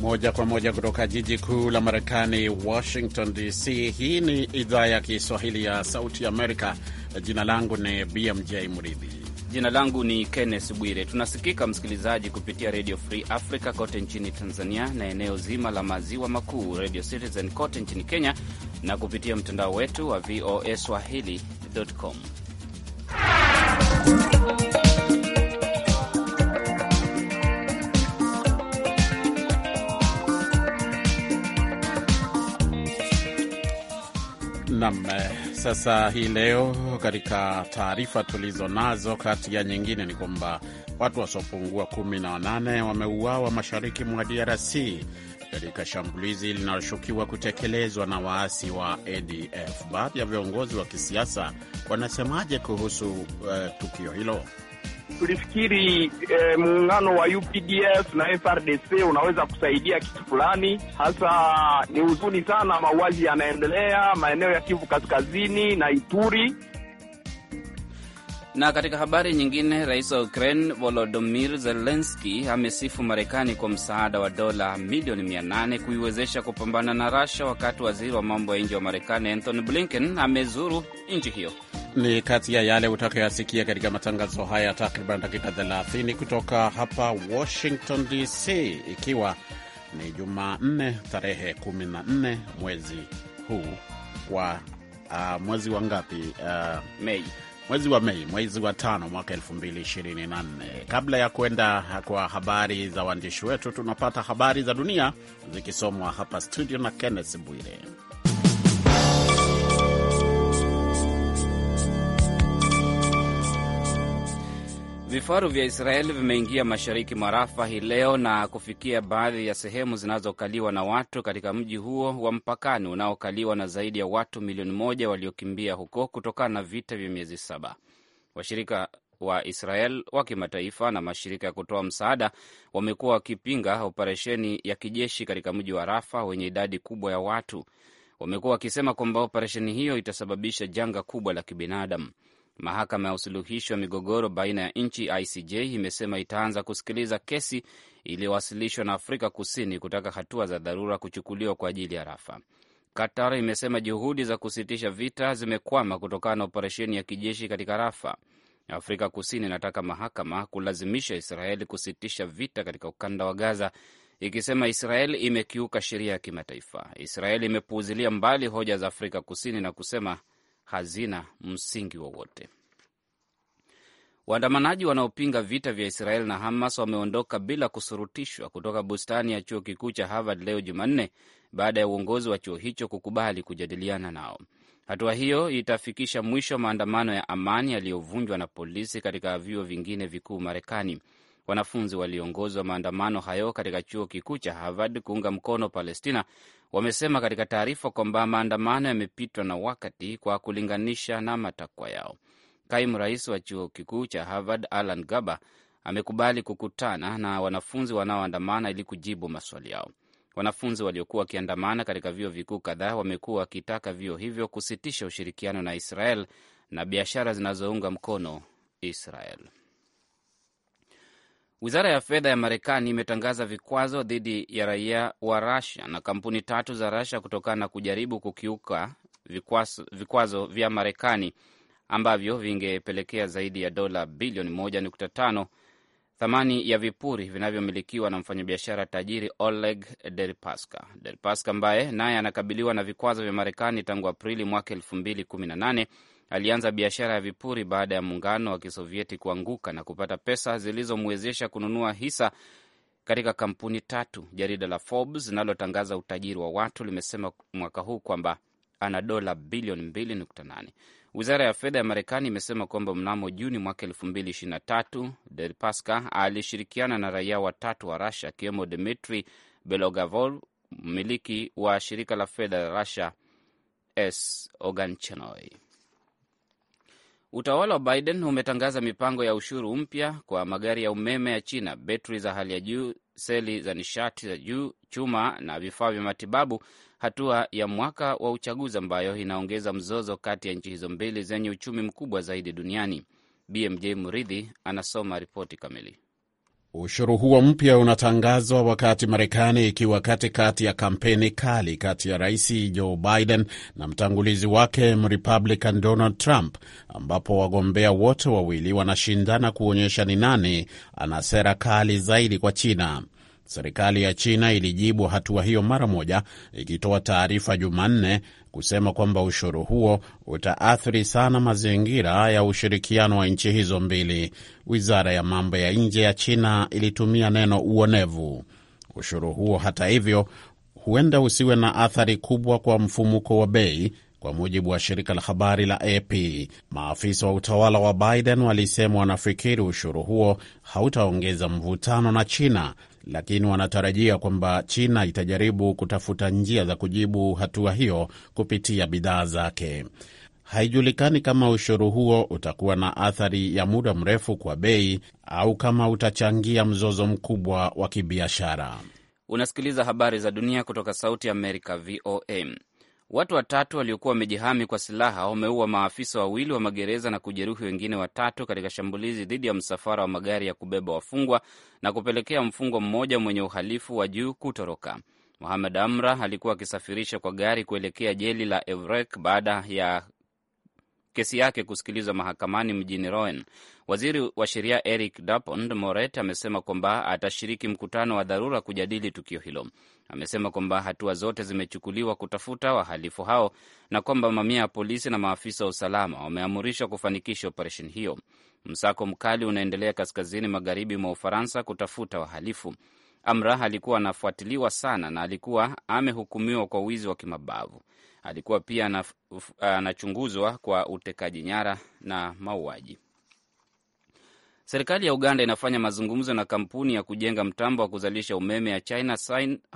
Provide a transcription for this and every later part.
Moja kwa moja kutoka jiji kuu la Marekani, Washington DC. Hii ni idhaa ya Kiswahili ya Sauti Amerika. Jina langu ni BMJ muridhi Jina langu ni Kenneth Bwire. Tunasikika msikilizaji kupitia Radio Free Africa kote nchini Tanzania na eneo zima la maziwa makuu, Radio Citizen kote nchini Kenya na kupitia mtandao wetu wa VOA swahili.com. Nam eh, sasa hii leo katika taarifa tulizo nazo, kati ya nyingine ni kwamba watu wasiopungua kumi na wanane wameuawa mashariki mwa DRC katika shambulizi linaloshukiwa kutekelezwa na waasi wa ADF. Baadhi ya viongozi wa kisiasa wanasemaje kuhusu uh, tukio hilo? tulifikiri e, muungano wa UPDF na FRDC unaweza kusaidia kitu fulani. Hasa ni huzuni sana, mauaji yanaendelea maeneo ya Kivu Kaskazini na Ituri. Na katika habari nyingine, rais wa Ukraine Volodymyr Zelensky amesifu Marekani kwa msaada wa dola milioni 800 kuiwezesha kupambana na Rasha, wakati waziri wa mambo ya nje wa Marekani Anthony Blinken amezuru nchi hiyo. Ni kati ya yale utakayoyasikia katika matangazo haya takriban dakika 30 kutoka hapa Washington DC, ikiwa ni Jumanne tarehe 14 mwezi huu wa uh, mwezi wa ngapi? Uh, Mei mwezi wa Mei, mwezi wa tano mwaka 224 Kabla ya kwenda kwa habari za waandishi wetu, tunapata habari za dunia zikisomwa hapa studio na Kenneth Bwire. Vifaru vya Israeli vimeingia mashariki mwa Rafa hii leo na kufikia baadhi ya sehemu zinazokaliwa na watu katika mji huo wa mpakani unaokaliwa na zaidi ya watu milioni moja waliokimbia huko kutokana na vita vya miezi saba. Washirika wa Israel wa kimataifa na mashirika ya kutoa msaada wamekuwa wakipinga operesheni ya kijeshi katika mji wa Rafa wenye idadi kubwa ya watu. Wamekuwa wakisema kwamba operesheni hiyo itasababisha janga kubwa la kibinadamu. Mahakama ya usuluhishi wa migogoro baina ya nchi ICJ imesema itaanza kusikiliza kesi iliyowasilishwa na Afrika Kusini kutaka hatua za dharura kuchukuliwa kwa ajili ya Rafa. Qatar imesema juhudi za kusitisha vita zimekwama kutokana na operesheni ya kijeshi katika Rafa. Afrika Kusini inataka mahakama kulazimisha Israeli kusitisha vita katika ukanda wa Gaza, ikisema Israel imekiuka sheria ya kimataifa. Israeli imepuuzilia mbali hoja za Afrika Kusini na kusema hazina msingi wowote. Waandamanaji wanaopinga vita vya Israel na Hamas wameondoka bila kusurutishwa kutoka bustani ya chuo kikuu cha Harvard leo Jumanne baada ya uongozi wa chuo hicho kukubali kujadiliana nao. Hatua hiyo itafikisha mwisho maandamano ya amani yaliyovunjwa na polisi katika vyuo vingine vikuu Marekani. Wanafunzi waliongozwa maandamano hayo katika chuo kikuu cha Harvard kuunga mkono Palestina wamesema katika taarifa kwamba maandamano yamepitwa na wakati kwa kulinganisha na matakwa yao. Kaimu rais wa chuo kikuu cha Harvard Alan Gaba amekubali kukutana na wanafunzi wanaoandamana ili kujibu maswali yao. Wanafunzi waliokuwa wakiandamana katika vyuo vikuu kadhaa wamekuwa wakitaka vyuo hivyo kusitisha ushirikiano na Israel na biashara zinazounga mkono Israel. Wizara ya fedha ya Marekani imetangaza vikwazo dhidi ya raia wa Rasia na kampuni tatu za Rasia kutokana na kujaribu kukiuka vikwazo, vikwazo vya Marekani ambavyo vingepelekea zaidi ya dola bilioni 1.5 thamani ya vipuri vinavyomilikiwa na mfanyabiashara tajiri Oleg Deripaska. Deripaska ambaye naye anakabiliwa na vikwazo vya Marekani tangu Aprili mwaka 2018 alianza biashara ya vipuri baada ya muungano wa Kisovieti kuanguka na kupata pesa zilizomwezesha kununua hisa katika kampuni tatu. Jarida la Forbes linalotangaza utajiri wa watu limesema mwaka huu kwamba ana dola bilioni 2.8. Wizara ya fedha ya Marekani imesema kwamba mnamo Juni mwaka 2023 Del Pasca alishirikiana na raia watatu wa Rusia akiwemo Dmitri Belogavol, mmiliki wa shirika la fedha la Rusia S Oganchenoi. Utawala wa Biden umetangaza mipango ya ushuru mpya kwa magari ya umeme ya China, betri za hali ya juu, seli za nishati za juu, chuma na vifaa vya matibabu, hatua ya mwaka wa uchaguzi ambayo inaongeza mzozo kati ya nchi hizo mbili zenye uchumi mkubwa zaidi duniani. BMJ Muridhi anasoma ripoti kamili. Ushuru huo mpya unatangazwa wakati Marekani ikiwa katikati ya kampeni kali kati ya Rais Joe Biden na mtangulizi wake Mrepublican Donald Trump, ambapo wagombea wote wawili wanashindana kuonyesha ni nani ana sera kali zaidi kwa China. Serikali ya China ilijibu hatua hiyo mara moja, ikitoa taarifa Jumanne kusema kwamba ushuru huo utaathiri sana mazingira ya ushirikiano wa nchi hizo mbili. Wizara ya mambo ya nje ya China ilitumia neno uonevu. Ushuru huo, hata hivyo, huenda usiwe na athari kubwa kwa mfumuko wa bei kwa mujibu wa shirika la habari la AP. Maafisa wa utawala wa Biden walisema wanafikiri ushuru huo hautaongeza mvutano na China lakini wanatarajia kwamba China itajaribu kutafuta njia za kujibu hatua hiyo kupitia bidhaa zake. Haijulikani kama ushuru huo utakuwa na athari ya muda mrefu kwa bei au kama utachangia mzozo mkubwa wa kibiashara. Unasikiliza habari za dunia kutoka Sauti ya Amerika, VOA. Watu watatu waliokuwa wamejihami kwa silaha wameua maafisa wawili wa magereza na kujeruhi wengine watatu katika shambulizi dhidi ya msafara wa magari ya kubeba wafungwa na kupelekea mfungwa mmoja mwenye uhalifu wa juu kutoroka. Mohamed Amra alikuwa akisafirisha kwa gari kuelekea jeli la Evrek baada ya kesi yake kusikilizwa mahakamani mjini Rouen. Waziri wa sheria Eric Dupond Moret amesema kwamba atashiriki mkutano wa dharura kujadili tukio hilo. Amesema kwamba hatua zote zimechukuliwa kutafuta wahalifu hao na kwamba mamia ya polisi na maafisa wa usalama wameamurishwa kufanikisha operesheni hiyo. Msako mkali unaendelea kaskazini magharibi mwa Ufaransa kutafuta wahalifu. amra alikuwa anafuatiliwa sana na alikuwa amehukumiwa kwa wizi wa kimabavu alikuwa pia anachunguzwa kwa utekaji nyara na mauaji. Serikali ya Uganda inafanya mazungumzo na kampuni ya kujenga mtambo wa kuzalisha umeme ya China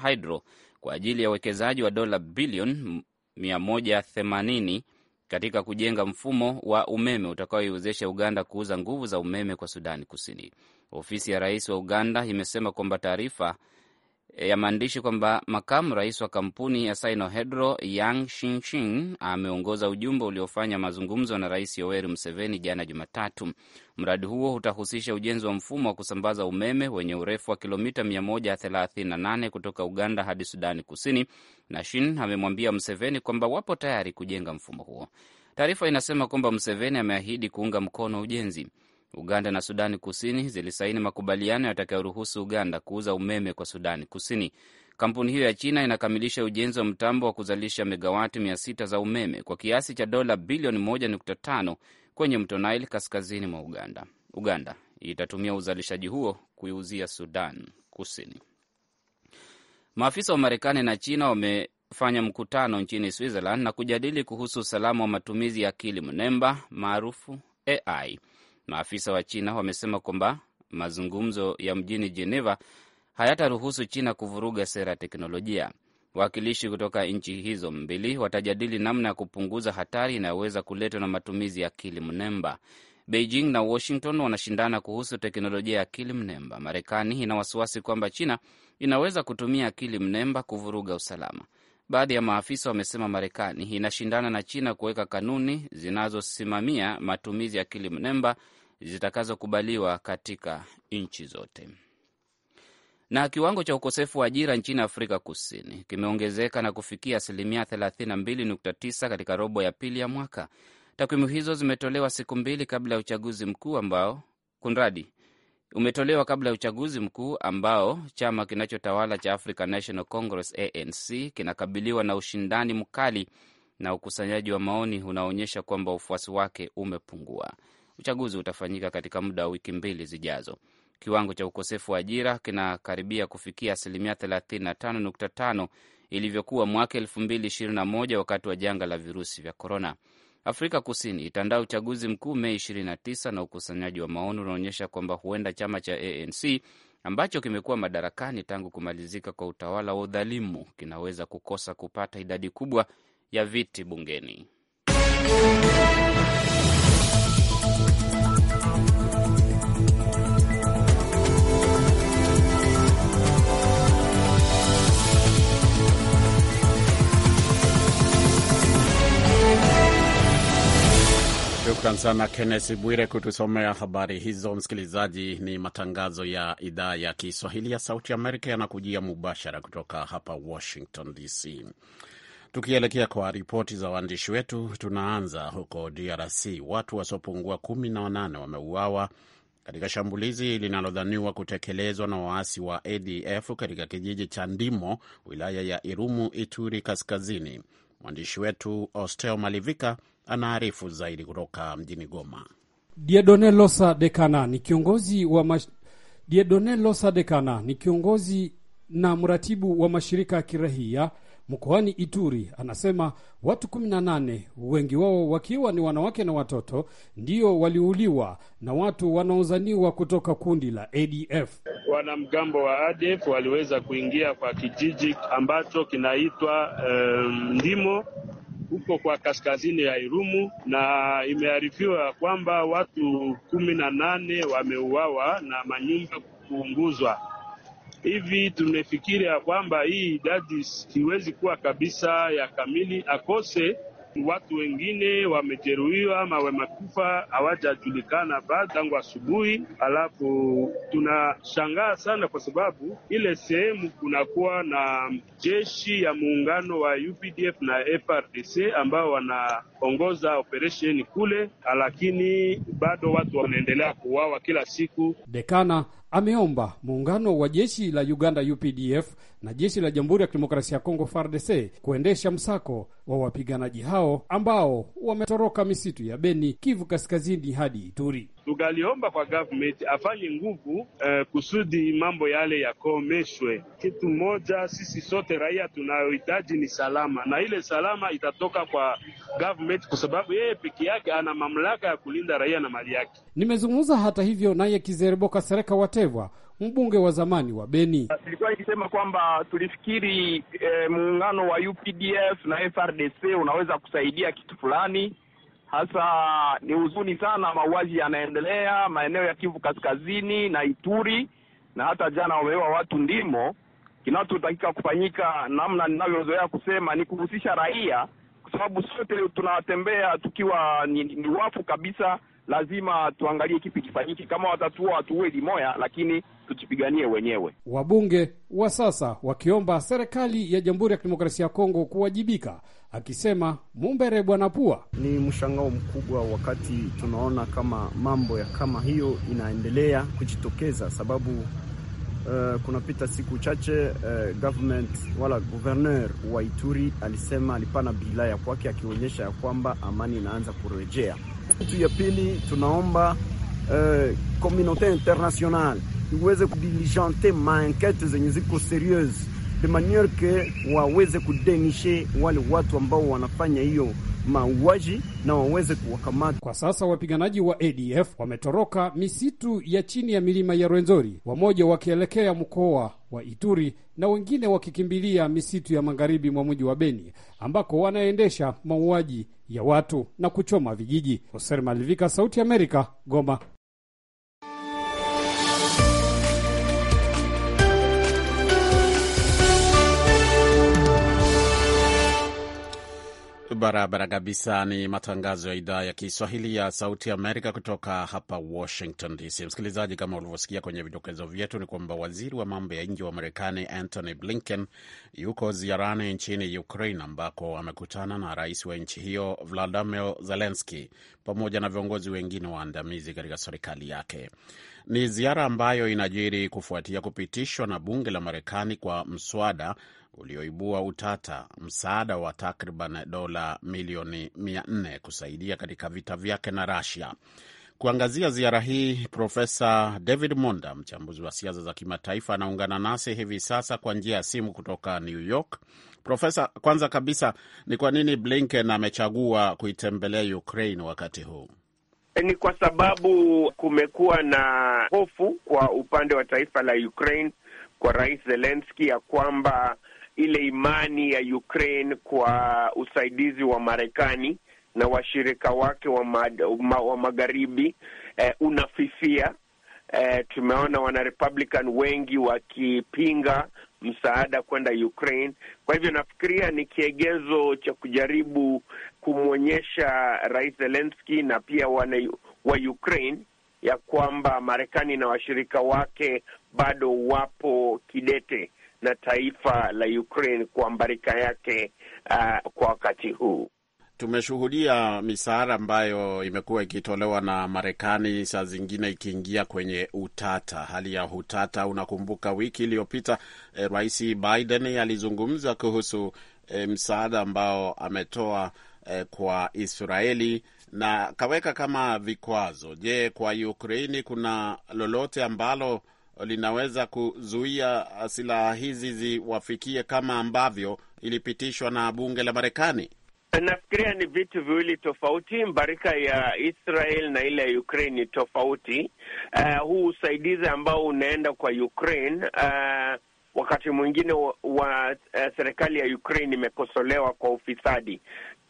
Hydro kwa ajili ya uwekezaji wa dola bilioni 180 katika kujenga mfumo wa umeme utakaoiwezesha Uganda kuuza nguvu za umeme kwa Sudani Kusini. Ofisi ya rais wa Uganda imesema kwamba taarifa Eh, ya maandishi kwamba makamu rais wa kampuni ya Sinohedro Yang Shinshin ameongoza ujumbe uliofanya mazungumzo na Rais Yoweri Museveni jana Jumatatu. Mradi huo utahusisha ujenzi wa mfumo wa kusambaza umeme wenye urefu wa kilomita 138 kutoka Uganda hadi Sudani Kusini, na Shin amemwambia Museveni kwamba wapo tayari kujenga mfumo huo. Taarifa inasema kwamba Museveni ameahidi kuunga mkono ujenzi. Uganda na Sudani Kusini zilisaini makubaliano yatakayoruhusu Uganda kuuza umeme kwa Sudani Kusini. Kampuni hiyo ya China inakamilisha ujenzi wa mtambo wa kuzalisha megawati 600 za umeme kwa kiasi cha dola bilioni 1.5 kwenye mto Nile kaskazini mwa Uganda. Uganda itatumia uzalishaji huo kuiuzia Sudan Kusini. Maafisa wa Marekani na China wamefanya mkutano nchini Switzerland na kujadili kuhusu usalama wa matumizi ya akili mnemba maarufu AI. Maafisa wa China wamesema kwamba mazungumzo ya mjini Geneva hayataruhusu China kuvuruga sera ya teknolojia. Wawakilishi kutoka nchi hizo mbili watajadili namna ya kupunguza hatari inayoweza kuletwa na matumizi ya akili mnemba. Beijing na Washington wanashindana kuhusu teknolojia ya akili mnemba. Marekani ina wasiwasi kwamba China inaweza kutumia akili mnemba kuvuruga usalama. Baadhi ya maafisa wamesema Marekani inashindana na China kuweka kanuni zinazosimamia matumizi ya akili mnemba zitakazokubaliwa katika nchi zote. Na kiwango cha ukosefu wa ajira nchini Afrika Kusini kimeongezeka na kufikia asilimia 32.9 katika robo ya pili ya mwaka. Takwimu hizo zimetolewa siku mbili kabla ya uchaguzi mkuu ambao kunradi umetolewa kabla ya uchaguzi mkuu ambao chama kinachotawala cha African National Congress ANC kinakabiliwa na ushindani mkali na ukusanyaji wa maoni unaonyesha kwamba ufuasi wake umepungua. Uchaguzi utafanyika katika muda wa wiki mbili zijazo. Kiwango cha ukosefu wa ajira kinakaribia kufikia asilimia 35.5 ilivyokuwa mwaka 2021 wakati wa janga la virusi vya korona. Afrika Kusini itandaa uchaguzi mkuu Mei 29 na ukusanyaji wa maoni unaonyesha kwamba huenda chama cha ANC ambacho kimekuwa madarakani tangu kumalizika kwa utawala wa udhalimu kinaweza kukosa kupata idadi kubwa ya viti bungeni. Shukran sana Kennes Bwire kutusomea habari hizo. Msikilizaji, ni matangazo ya idhaa ya Kiswahili ya Sauti Amerika yanakujia mubashara kutoka hapa Washington DC. Tukielekea kwa ripoti za waandishi wetu, tunaanza huko DRC. Watu wasiopungua kumi na wanane wameuawa katika shambulizi linalodhaniwa kutekelezwa na waasi wa ADF katika kijiji cha Ndimo, wilaya ya Irumu, Ituri Kaskazini. Mwandishi wetu ostel Malivika anaarifu zaidi kutoka mjini Goma. Diedone Losa Dekana ni kiongozi wa mash... Diedone Losa Dekana ni kiongozi na mratibu wa mashirika ya kirahia mkoani Ituri anasema watu 18 wengi wao wakiwa ni wanawake na watoto ndio waliuliwa na watu wanaozaniwa kutoka kundi la ADF. Wanamgambo wa ADF waliweza kuingia kwa kijiji ambacho kinaitwa um, Ndimo huko kwa kaskazini ya Irumu, na imearifiwa kwamba watu kumi na nane wameuawa na manyumba kuunguzwa. Hivi tumefikiri ya kwamba hii idadi siwezi kuwa kabisa ya kamili akose Watu wengine wamejeruhiwa ama wamekufa hawajajulikana bado tangu asubuhi. Alafu tunashangaa sana kwa sababu ile sehemu kunakuwa na jeshi ya muungano wa UPDF na FRDC ambao wanaongoza operesheni kule, lakini bado watu wanaendelea kuuawa kila siku. Dekana ameomba muungano wa jeshi la Uganda UPDF na jeshi la Jamhuri ya Kidemokrasia ya Kongo FARDC kuendesha msako wa wapiganaji hao ambao wametoroka misitu ya Beni, Kivu Kaskazini hadi Ituri. Tukaliomba kwa government afanye nguvu eh, kusudi mambo yale yakomeshwe. Kitu moja sisi sote raia tunayohitaji ni salama, na ile salama itatoka kwa government, kwa sababu yeye peke yake ana mamlaka ya kulinda raia na mali yake. Nimezungumza hata hivyo naye Kizeriboka Sereka Watevwa mbunge wa zamani wa Beni. Uh, Ilikuwa ikisema kwamba tulifikiri e, muungano wa UPDF na FRDC unaweza kusaidia kitu fulani. Hasa ni huzuni sana, mauaji yanaendelea maeneo ya Kivu Kaskazini na Ituri, na hata jana wameua watu ndimo. Kinachotakika kufanyika, namna ninavyozoea kusema, ni kuhusisha raia, kwa sababu sote tunatembea tukiwa ni, ni wafu kabisa lazima tuangalie kipi kifanyike. Kama watatua watuue limoya, lakini tujipiganie wenyewe. Wabunge wa sasa wakiomba serikali ya Jamhuri ya Kidemokrasia ya Kongo kuwajibika, akisema Mumbere Bwana Pua. Ni mshangao mkubwa wakati tunaona kama mambo ya kama hiyo inaendelea kujitokeza, sababu uh, kunapita siku chache uh, government wala gouverneur wa Ituri alisema alipana bilaya kwake, akionyesha ya kwamba amani inaanza kurejea kitu ya pili tunaomba eh, uh, international iweze kudiligente maenkete zenye ziko serieuse de maniere ke waweze kudenishe wale watu ambao wanafanya hiyo mauaji na waweze kuwakamata. Kwa sasa wapiganaji wa ADF wametoroka misitu ya chini ya milima ya Rwenzori, wamoja wakielekea mkoa wa Ituri na wengine wakikimbilia misitu ya magharibi mwa mji wa Beni ambako wanaendesha mauaji ya watu na kuchoma vijiji. Hoser Malivika, Sauti Amerika, Goma. Barabara kabisa. Ni matangazo ya idhaa ya Kiswahili ya Sauti Amerika kutoka hapa Washington DC. Msikilizaji, kama ulivyosikia kwenye vidokezo vyetu, ni kwamba waziri wa mambo ya nje wa Marekani Antony Blinken yuko ziarani nchini Ukraine ambako amekutana na rais wa nchi hiyo Vladimir Zelenski pamoja na viongozi wengine waandamizi katika serikali yake. Ni ziara ambayo inajiri kufuatia kupitishwa na bunge la Marekani kwa mswada ulioibua utata, msaada wa takriban dola milioni 400 kusaidia katika vita vyake na Russia. Kuangazia ziara hii, Profesa David Monda, mchambuzi wa siasa za kimataifa, anaungana nasi hivi sasa kwa njia ya simu kutoka New York. Profesa, kwanza kabisa ni kwa nini Blinken amechagua kuitembelea Ukraine wakati huu? Ni kwa sababu kumekuwa na hofu kwa upande wa taifa la Ukraine kwa Rais zelenski ya kwamba ile imani ya Ukraine kwa usaidizi wa Marekani na washirika wake wa, mad, ma, wa magharibi eh, unafifia. Eh, tumeona Republican wengi wakipinga msaada kwenda Ukraine. Kwa hivyo nafikiria ni kiegezo cha kujaribu kumwonyesha Rais Zelensky na pia wana, wa Ukraine ya kwamba Marekani na washirika wake bado wapo kidete na taifa la Ukraine kwa mbarika yake uh, kwa wakati huu tumeshuhudia misaada ambayo imekuwa ikitolewa na Marekani, saa zingine ikiingia kwenye utata, hali ya utata. Unakumbuka wiki iliyopita eh, Rais Biden alizungumza kuhusu eh, msaada ambao ametoa eh, kwa Israeli na kaweka kama vikwazo. Je, kwa Ukraini kuna lolote ambalo linaweza kuzuia silaha hizi ziwafikie kama ambavyo ilipitishwa na bunge la Marekani? Nafikiria ni vitu viwili tofauti. Mbarika ya Israel na ile ya Ukraine ni tofauti. Uh, huu usaidizi ambao unaenda kwa Ukraine uh, wakati mwingine wa, wa uh, serikali ya Ukraine imekosolewa kwa ufisadi,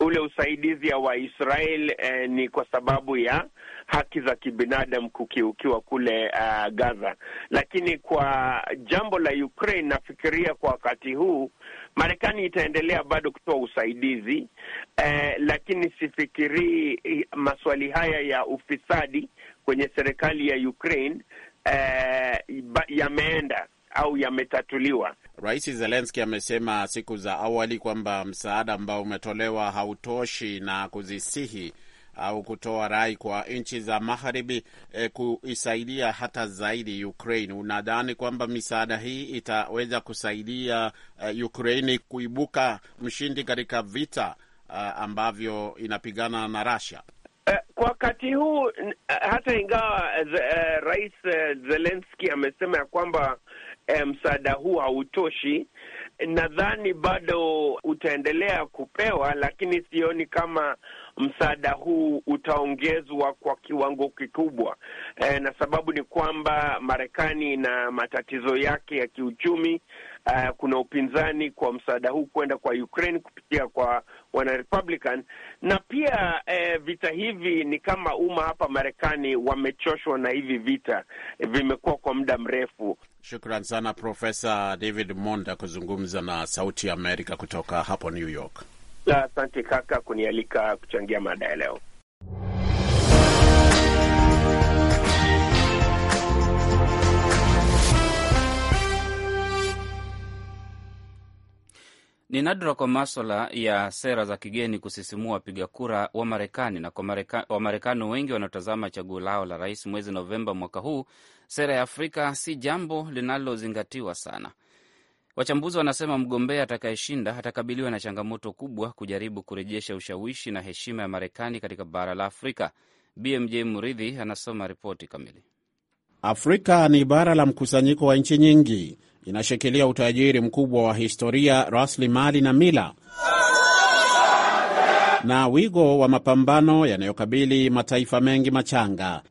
ule usaidizi ya waisrael eh, ni kwa sababu ya haki za kibinadamu kukiukiwa kule uh, Gaza. Lakini kwa jambo la Ukraine, nafikiria kwa wakati huu Marekani itaendelea bado kutoa usaidizi eh, lakini sifikirii maswali haya ya ufisadi kwenye serikali ya Ukraine eh, yameenda au yametatuliwa. Rais Zelenski amesema siku za awali kwamba msaada ambao umetolewa hautoshi na kuzisihi au kutoa rai kwa nchi za magharibi e, kuisaidia hata zaidi Ukraine. Unadhani kwamba misaada hii itaweza kusaidia e, eh, Ukraini kuibuka mshindi katika vita a, eh, ambavyo inapigana na Russia? Kwa wakati huu hata ingawa e, Rais Zelenski amesema ya kwamba Eh, msaada huu hautoshi. Nadhani bado utaendelea kupewa, lakini sioni kama msaada huu utaongezwa kwa kiwango kikubwa e, na sababu ni kwamba Marekani ina matatizo yake ya kiuchumi uh, kuna upinzani kwa msaada huu kwenda kwa Ukraine kupitia kwa wana Republican, na pia eh, vita hivi ni kama umma hapa Marekani wamechoshwa na hivi vita vimekuwa kwa muda mrefu. Shukran sana Profesa David Monda kuzungumza na Sauti ya Amerika kutoka hapo New York. Asante kaka kunialika kuchangia mada ya leo. Ni nadra kwa maswala ya sera za kigeni kusisimua wapiga kura wa Marekani, na kwa Wamarekani wengi wanaotazama chaguo lao la rais mwezi Novemba mwaka huu, sera ya Afrika si jambo linalozingatiwa sana. Wachambuzi wanasema mgombea atakayeshinda atakabiliwa na changamoto kubwa kujaribu kurejesha ushawishi na heshima ya Marekani katika bara la Afrika. BMJ Muridhi anasoma ripoti kamili. Afrika ni bara la mkusanyiko wa nchi nyingi inashikilia utajiri mkubwa wa historia, rasilimali na mila na wigo wa mapambano yanayokabili mataifa mengi machanga.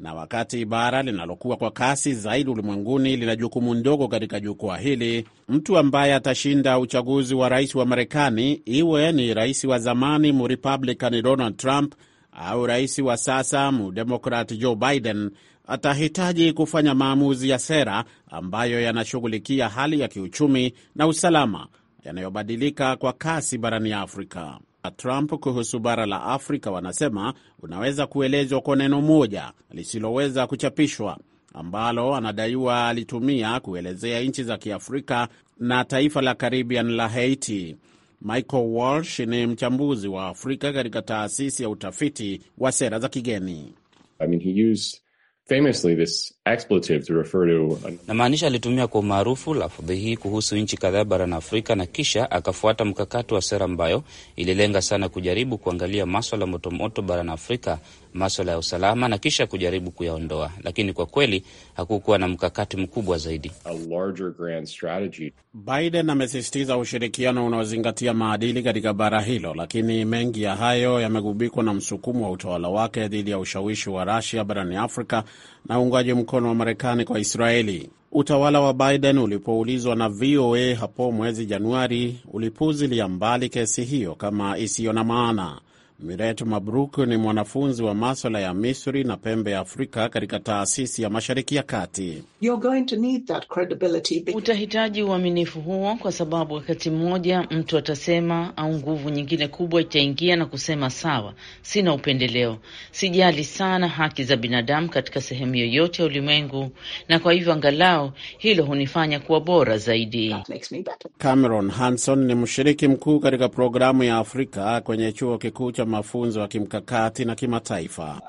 Na wakati bara linalokuwa kwa kasi zaidi ulimwenguni lina jukumu ndogo katika jukwaa hili, mtu ambaye atashinda uchaguzi wa rais wa Marekani, iwe ni rais wa zamani mrepublican Donald Trump au rais wa sasa mdemokrat Joe Biden atahitaji kufanya maamuzi ya sera ambayo yanashughulikia hali ya kiuchumi na usalama yanayobadilika kwa kasi barani Afrika. Trump kuhusu bara la Afrika wanasema unaweza kuelezwa kwa neno moja lisiloweza kuchapishwa ambalo anadaiwa alitumia kuelezea nchi za Kiafrika na taifa la Caribbean la Haiti. Michael Walsh ni mchambuzi wa Afrika katika taasisi ya utafiti wa sera za kigeni. I mean, he used famously this expletive to refer to... namaanisha alitumia kwa umaarufu lafudhi hii kuhusu nchi kadhaa barani Afrika na kisha akafuata mkakati wa sera ambayo ililenga sana kujaribu kuangalia maswala motomoto barani Afrika maswala ya usalama na kisha kujaribu kuyaondoa, lakini kwa kweli hakukuwa na mkakati mkubwa zaidi. Biden amesisitiza ushirikiano unaozingatia maadili katika bara hilo, lakini mengi ya hayo yamegubikwa na msukumo wa utawala wake dhidi ya ushawishi wa rasia barani Afrika na uungaji mkono wa Marekani kwa Israeli. Utawala wa Biden ulipoulizwa na VOA hapo mwezi Januari ulipuzilia mbali kesi hiyo kama isiyo na maana. Miret Mabruk ni mwanafunzi wa maswala ya Misri na pembe ya Afrika katika taasisi ya Mashariki ya Kati. Utahitaji uaminifu huo, kwa sababu wakati mmoja mtu atasema, au nguvu nyingine kubwa itaingia na kusema, sawa, sina upendeleo, sijali sana haki za binadamu katika sehemu yoyote ya ulimwengu, na kwa hivyo angalau hilo hunifanya kuwa bora zaidi. Cameron Hanson ni mshiriki mkuu katika programu ya Afrika kwenye chuo kikuu cha katika mafunzo ya kimkakati na kimataifa.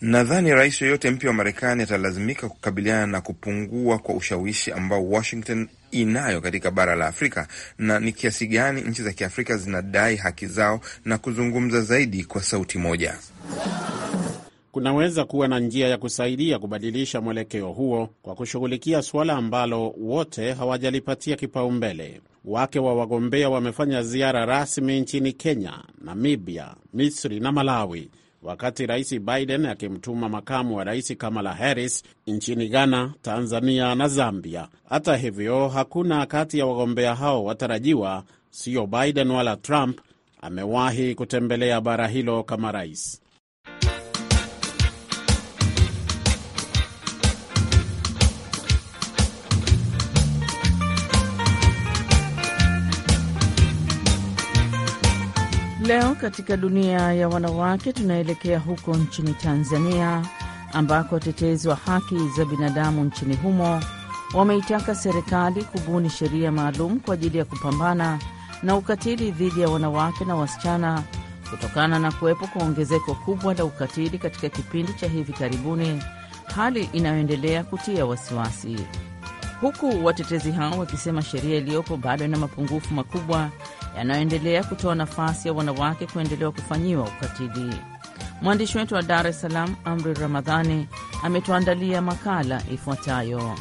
Nadhani rais yoyote mpya wa Marekani atalazimika kukabiliana na kupungua kwa ushawishi ambao Washington inayo katika bara la Afrika na ni kiasi gani nchi za Kiafrika zinadai haki zao na kuzungumza zaidi kwa sauti moja. Kunaweza kuwa na njia ya kusaidia kubadilisha mwelekeo huo kwa kushughulikia suala ambalo wote hawajalipatia kipaumbele wake wa wagombea wamefanya ziara rasmi nchini Kenya, Namibia, Misri na Malawi, wakati Rais Biden akimtuma makamu wa rais Kamala Harris nchini Ghana, Tanzania na Zambia. Hata hivyo, hakuna kati ya wagombea hao watarajiwa, sio Biden wala Trump, amewahi kutembelea bara hilo kama rais. Leo katika dunia ya wanawake, tunaelekea huko nchini Tanzania ambako watetezi wa haki za binadamu nchini humo wameitaka serikali kubuni sheria maalum kwa ajili ya kupambana na ukatili dhidi ya wanawake na wasichana kutokana na kuwepo kwa ongezeko kubwa la ukatili katika kipindi cha hivi karibuni, hali inayoendelea kutia wasiwasi, huku watetezi hao wakisema sheria iliyopo bado ina mapungufu makubwa yanayoendelea kutoa nafasi ya wanawake kuendelewa kufanyiwa ukatili. Mwandishi wetu wa Dar es Salaam, Amri Ramadhani, ametuandalia makala ifuatayo.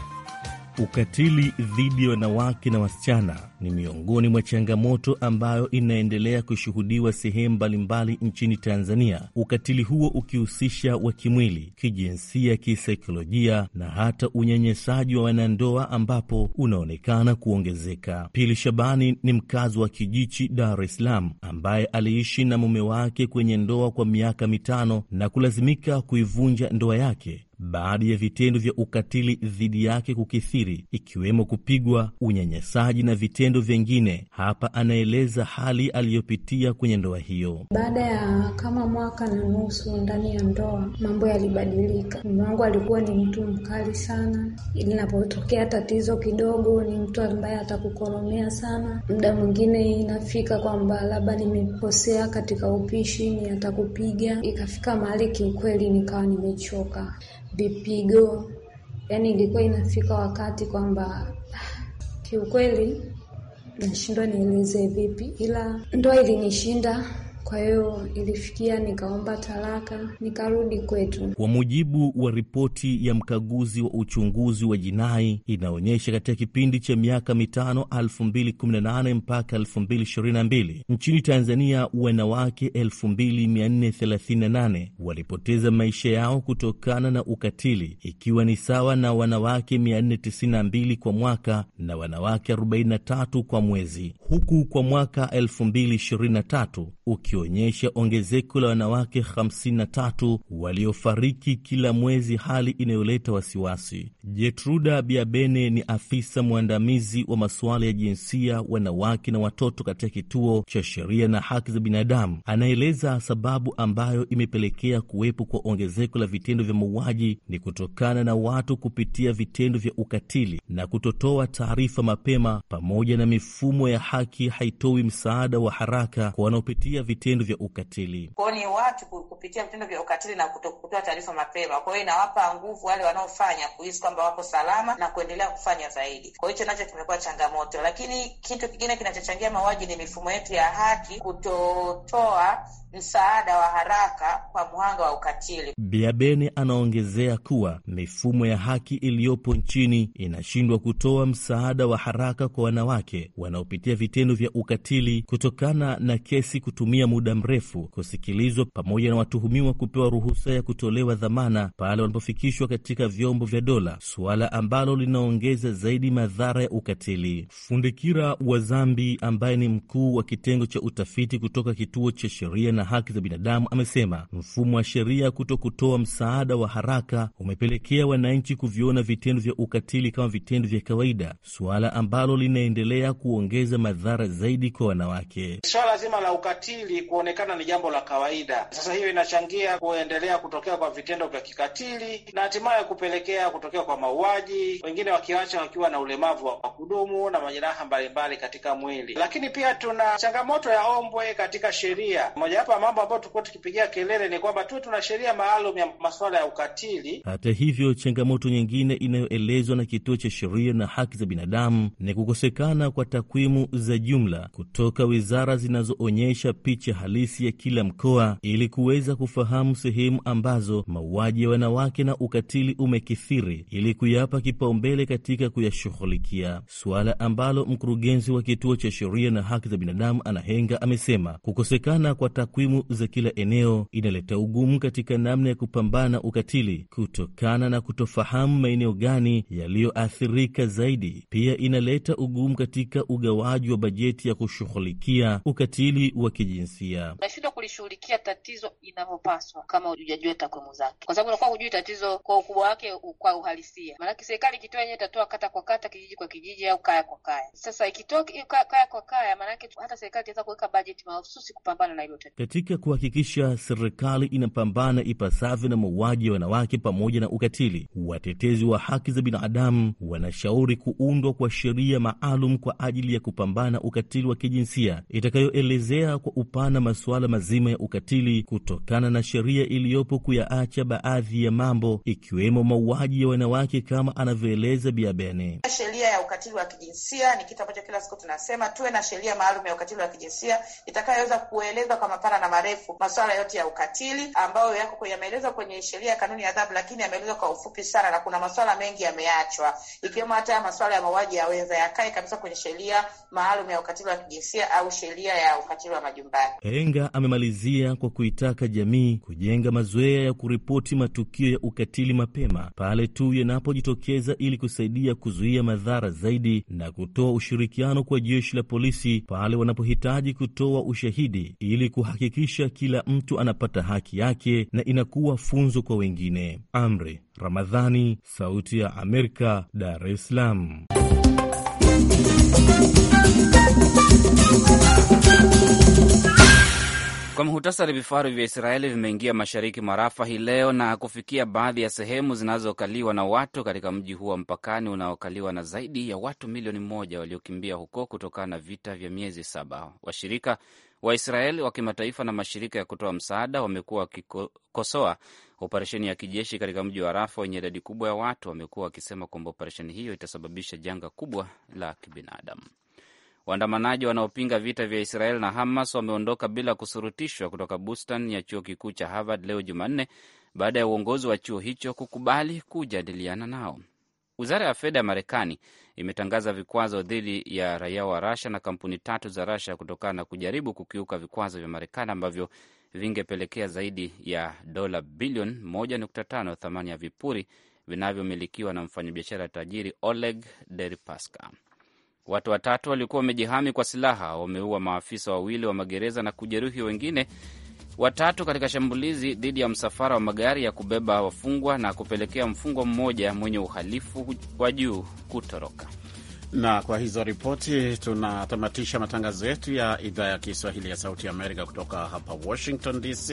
Ukatili dhidi ya wanawake na wasichana ni miongoni mwa changamoto ambayo inaendelea kushuhudiwa sehemu mbalimbali nchini Tanzania, ukatili huo ukihusisha wa kimwili, kijinsia, kisaikolojia na hata unyanyasaji wa wanandoa ambapo unaonekana kuongezeka. Pili Shabani ni mkazi wa Kijichi, Dar es Salaam, ambaye aliishi na mume wake kwenye ndoa kwa miaka mitano na kulazimika kuivunja ndoa yake baada ya vitendo vya ukatili dhidi yake kukithiri, ikiwemo kupigwa, unyanyasaji na vitendo vingine. Hapa anaeleza hali aliyopitia kwenye ndoa hiyo. Baada ya kama mwaka na nusu ndani ya ndoa, mambo yalibadilika. Mume wangu alikuwa ni mtu mkali sana, linapotokea tatizo kidogo, ni mtu ambaye atakukoromea sana. Muda mwingine inafika kwamba labda nimekosea katika upishi, ni atakupiga. Ikafika mahali kiukweli nikawa nimechoka vipigo yani ilikuwa inafika wakati kwamba kiukweli nashindwa nieleze vipi, ila ndoa ilinishinda kwa hiyo ilifikia nikaomba talaka, nikarudi kwetu. Kwa mujibu wa ripoti ya mkaguzi wa uchunguzi wa jinai inaonyesha katika kipindi cha miaka mitano 2018 mpaka 2022 nchini Tanzania wanawake 2438 walipoteza maisha yao kutokana na ukatili, ikiwa ni sawa na wanawake 492 kwa mwaka na wanawake 43 kwa mwezi, huku kwa mwaka 2023 uki ikionyesha ongezeko la wanawake 53 waliofariki kila mwezi, hali inayoleta wasiwasi. Jetruda Biabene ni afisa mwandamizi wa masuala ya jinsia, wanawake na watoto katika kituo cha sheria na haki za binadamu, anaeleza sababu ambayo imepelekea kuwepo kwa ongezeko la vitendo vya mauaji ni kutokana na watu kupitia vitendo vya ukatili na kutotoa taarifa mapema, pamoja na mifumo ya haki haitoi msaada wa haraka kwa wanaopitia vitendo vya ukatili. Kwao ni watu kupitia vitendo vya ukatili na kutokutoa taarifa mapema. Kwa hiyo inawapa nguvu wale wanaofanya kuhisi kwamba wako salama na kuendelea kufanya zaidi. Kwa hicho nacho kimekuwa changamoto, lakini kitu kingine kinachochangia mauaji ni mifumo yetu ya haki kutotoa msaada wa haraka kwa mhanga wa ukatili. Biabeni anaongezea kuwa mifumo ya haki iliyopo nchini inashindwa kutoa msaada wa haraka kwa wanawake wanaopitia vitendo vya ukatili kutokana na kesi kutumia muda mrefu kusikilizwa, pamoja na watuhumiwa kupewa ruhusa ya kutolewa dhamana pale wanapofikishwa katika vyombo vya dola, suala ambalo linaongeza zaidi madhara ya ukatili. Fundikira wa Zambi ambaye ni mkuu wa kitengo cha utafiti kutoka kituo cha sheria na haki za binadamu amesema mfumo wa sheria kuto kutoa msaada wa haraka umepelekea wananchi kuviona vitendo vya ukatili kama vitendo vya kawaida, suala ambalo linaendelea kuongeza madhara zaidi kwa wanawake. Suala zima la ukatili kuonekana ni jambo la kawaida, sasa hiyo inachangia kuendelea kutokea kwa vitendo vya kikatili na hatimaye kupelekea kutokea kwa mauaji, wengine wakiacha wakiwa na ulemavu wa kudumu na majeraha mbalimbali katika mwili. Lakini pia tuna changamoto ya ombwe katika sheria moja hapa mambo ambayo tulikuwa tukipigia kelele ni kwamba tuwe tuna sheria maalum ya masuala ya ukatili. Hata hivyo, changamoto nyingine inayoelezwa na kituo cha sheria na haki za binadamu ni kukosekana kwa takwimu za jumla kutoka wizara zinazoonyesha picha halisi ya kila mkoa ili kuweza kufahamu sehemu ambazo mauaji ya wanawake na ukatili umekithiri ili kuyapa kipaumbele katika kuyashughulikia, suala ambalo mkurugenzi wa kituo cha sheria na haki za binadamu Anahenga amesema kukosekana kwa takwimu takwimu za kila eneo inaleta ugumu katika namna ya kupambana ukatili kutokana na kutofahamu maeneo gani yaliyoathirika zaidi. Pia inaleta ugumu katika ugawaji wa bajeti ya kushughulikia ukatili wa kijinsia. Unashindwa kulishughulikia tatizo inavyopaswa kama hujajua takwimu zake, kwa sababu unakuwa hujui tatizo kwa ukubwa wake, kwa uhalisia. Maanake serikali ikitoa yenyewe itatoa kata kwa kata, kijiji kwa kijiji, au kaya kwa kaya. Sasa ikitoa kaya kwa kaya, maanake hata serikali itaweza kuweka bajeti mahususi kupambana na hilo tatizo katika kuhakikisha serikali inapambana ipasavyo na mauaji ya wanawake pamoja na ukatili. Watetezi wa haki za binadamu wanashauri kuundwa kwa sheria maalum kwa ajili ya kupambana ukatili wa kijinsia itakayoelezea kwa upana masuala mazima ya ukatili, kutokana na sheria iliyopo kuyaacha baadhi ya mambo ikiwemo mauaji ya wanawake, kama anavyoeleza Biabene. Sheria ya ukatili wa kijinsia ni kitu ambacho kila siku tunasema, tuwe na sheria maalum ya ukatili wa kijinsia itakayoweza kueleza kwa mapana mapana na marefu, masuala yote ya ukatili ambayo yako yameelezwa kwenye sheria ya kanuni ya adhabu, lakini yameelezwa kwa ufupi sana, na kuna masuala mengi yameachwa, ikiwemo hata ya masuala ya mauaji yaweza yakae kabisa kwenye sheria maalum ya ukatili wa kijinsia au sheria ya ukatili wa majumbani. Henga amemalizia kwa kuitaka jamii kujenga mazoea ya kuripoti matukio ya ukatili mapema pale tu yanapojitokeza ili kusaidia kuzuia madhara zaidi na kutoa ushirikiano kwa jeshi la polisi pale wanapohitaji kutoa ushahidi ili kuhakikisha kuhakikisha kila mtu anapata haki yake na inakuwa funzo kwa wengine. Amri Ramadhani, Sauti ya Amerika, Dar es Salaam. Kwa muhutasari, vifaru vya Israeli vimeingia mashariki mwa Rafa hii leo na kufikia baadhi ya sehemu zinazokaliwa na watu katika mji huo wa mpakani unaokaliwa na zaidi ya watu milioni moja waliokimbia huko kutokana na vita vya miezi saba. Washirika Waisraeli wa kimataifa na mashirika ya kutoa msaada wamekuwa wakikosoa operesheni ya kijeshi katika mji wa Rafa wenye idadi kubwa ya watu. Wamekuwa wakisema kwamba operesheni hiyo itasababisha janga kubwa la kibinadamu. Waandamanaji wanaopinga vita vya Israel na Hamas wameondoka bila kusurutishwa kutoka bustan ya chuo kikuu cha Harvard leo Jumanne baada ya uongozi wa chuo hicho kukubali kujadiliana nao. Wizara ya fedha ya Marekani imetangaza vikwazo dhidi ya raia wa Rasha na kampuni tatu za Rasha kutokana na kujaribu kukiuka vikwazo vya Marekani ambavyo vingepelekea zaidi ya dola bilioni 1.5 thamani ya vipuri vinavyomilikiwa na mfanyabiashara tajiri Oleg Deripaska. Watu watatu walikuwa wamejihami kwa silaha wameua maafisa wawili wa magereza na kujeruhi wengine watatu katika shambulizi dhidi ya msafara wa magari ya kubeba wafungwa na kupelekea mfungwa mmoja mwenye uhalifu wa juu kutoroka. Na kwa hizo ripoti tunatamatisha matangazo yetu ya idhaa ya Kiswahili ya Sauti ya Amerika kutoka hapa Washington DC.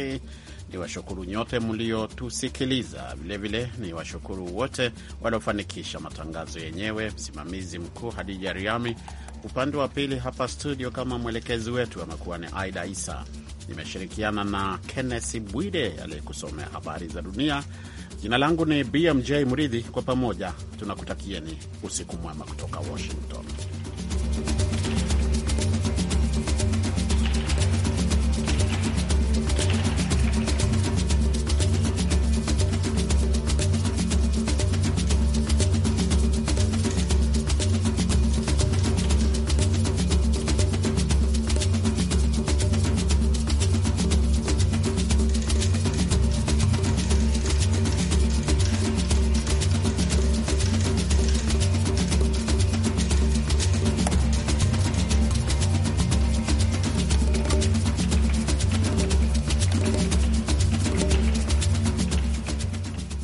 Ni washukuru nyote mliotusikiliza, vilevile ni washukuru wote waliofanikisha matangazo yenyewe. Msimamizi mkuu Hadija Riami, upande wa pili hapa studio kama mwelekezi wetu amekuwa ni Aida Isa. Nimeshirikiana na Kenneth Bwire aliyekusomea habari za dunia. Jina langu ni BMJ Mridhi. Kwa pamoja tunakutakieni usiku mwema kutoka Washington.